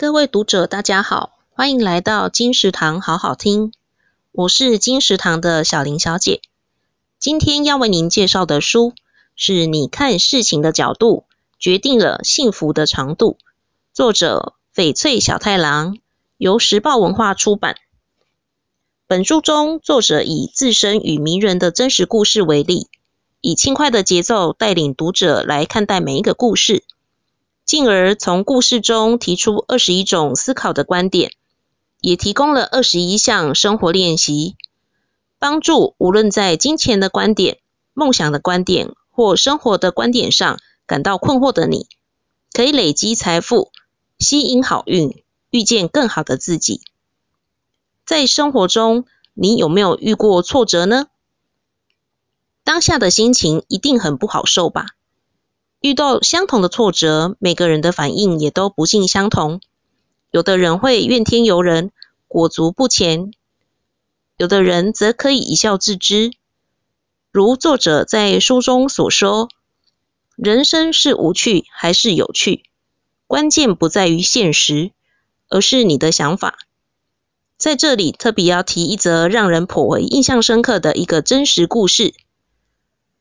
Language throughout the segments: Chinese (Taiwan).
各位讀者大家好，歡迎來到金石堂好好聽，我是金石堂的小林小姐。今天要為您介紹的書是《你看事情的角度決定了幸福的長度》，作者翡翠小太郎，由時報文化出版。本書中，作者以自身與名人的真實故事為例，以輕快的節奏帶領讀者來看待每一個故事。進而從故事中提出二十一種思考的觀點，也提供了二十一項生活練習，幫助無論在金錢的觀點、夢想的觀點或生活的觀點上感到困惑的你，可以累積財富、吸引好運、遇見更好的自己。在生活中，你有沒有遇過挫折呢？當下的心情一定很不好受吧？遇到相同的挫折，每個人的反應也都不盡相同。有的人會怨天尤人，裹足不前；有的人則可以一笑置之。如作者在書中所說：“人生是無趣還是有趣，關鍵不在於現實，而是你的想法。”在這裡，特別要提一則讓人頗為印象深刻的一個真實故事。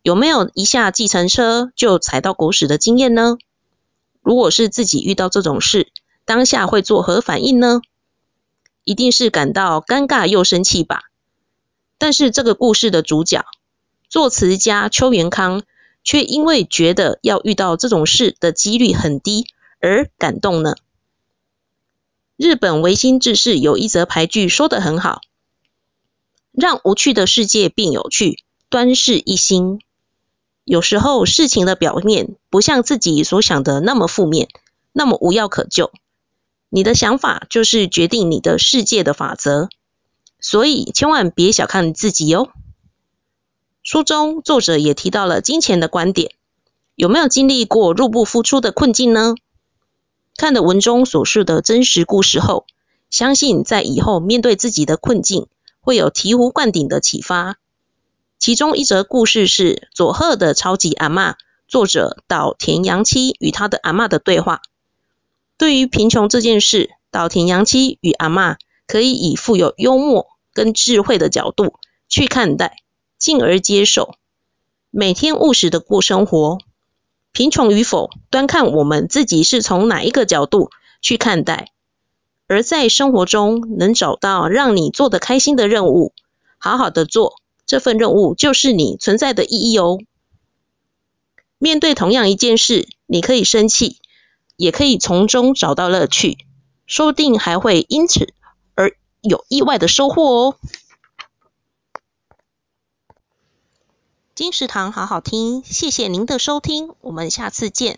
有沒有一下計程車就踩到狗屎的經驗呢？如果是自己遇到這種事，當下會作何反應呢？一定是感到尷尬又生氣吧。但是這個故事的主角，作詞家秋元康，卻因為覺得要遇到這種事的幾率很低而感動呢。日本維新志士有一則俳句說得很好：“讓無趣的世界變有趣，端視一心。”有時候事情的表面不像自己所想的那麼負面，那麼無藥可救。你的想法就是決定你的世界的法則，所以千萬別小看自己哦。書中作者也提到了金錢的觀點，有沒有經歷過入不敷出的困境呢？看了文中所述的真實故事後，相信在以後面對自己的困境，會有醍醐灌頂的啟發。其中一則故事是佐賀的超級阿嬤，作者島田洋七與他的阿嬤的對話。對於貧窮這件事，島田洋七與阿嬤可以以富有幽默跟智慧的角度去看待，進而接受，每天務實的過生活。貧窮與否，端看我們自己是從哪一個角度去看待。而在生活中能找到讓你做得開心的任務，好好的做。這份任務就是你存在的意義哦。面對同樣一件事，你可以生氣，也可以從中找到樂趣，說不定還會因此而有意外的收穫哦。金石堂好好聽，謝謝您的收聽，我們下次見。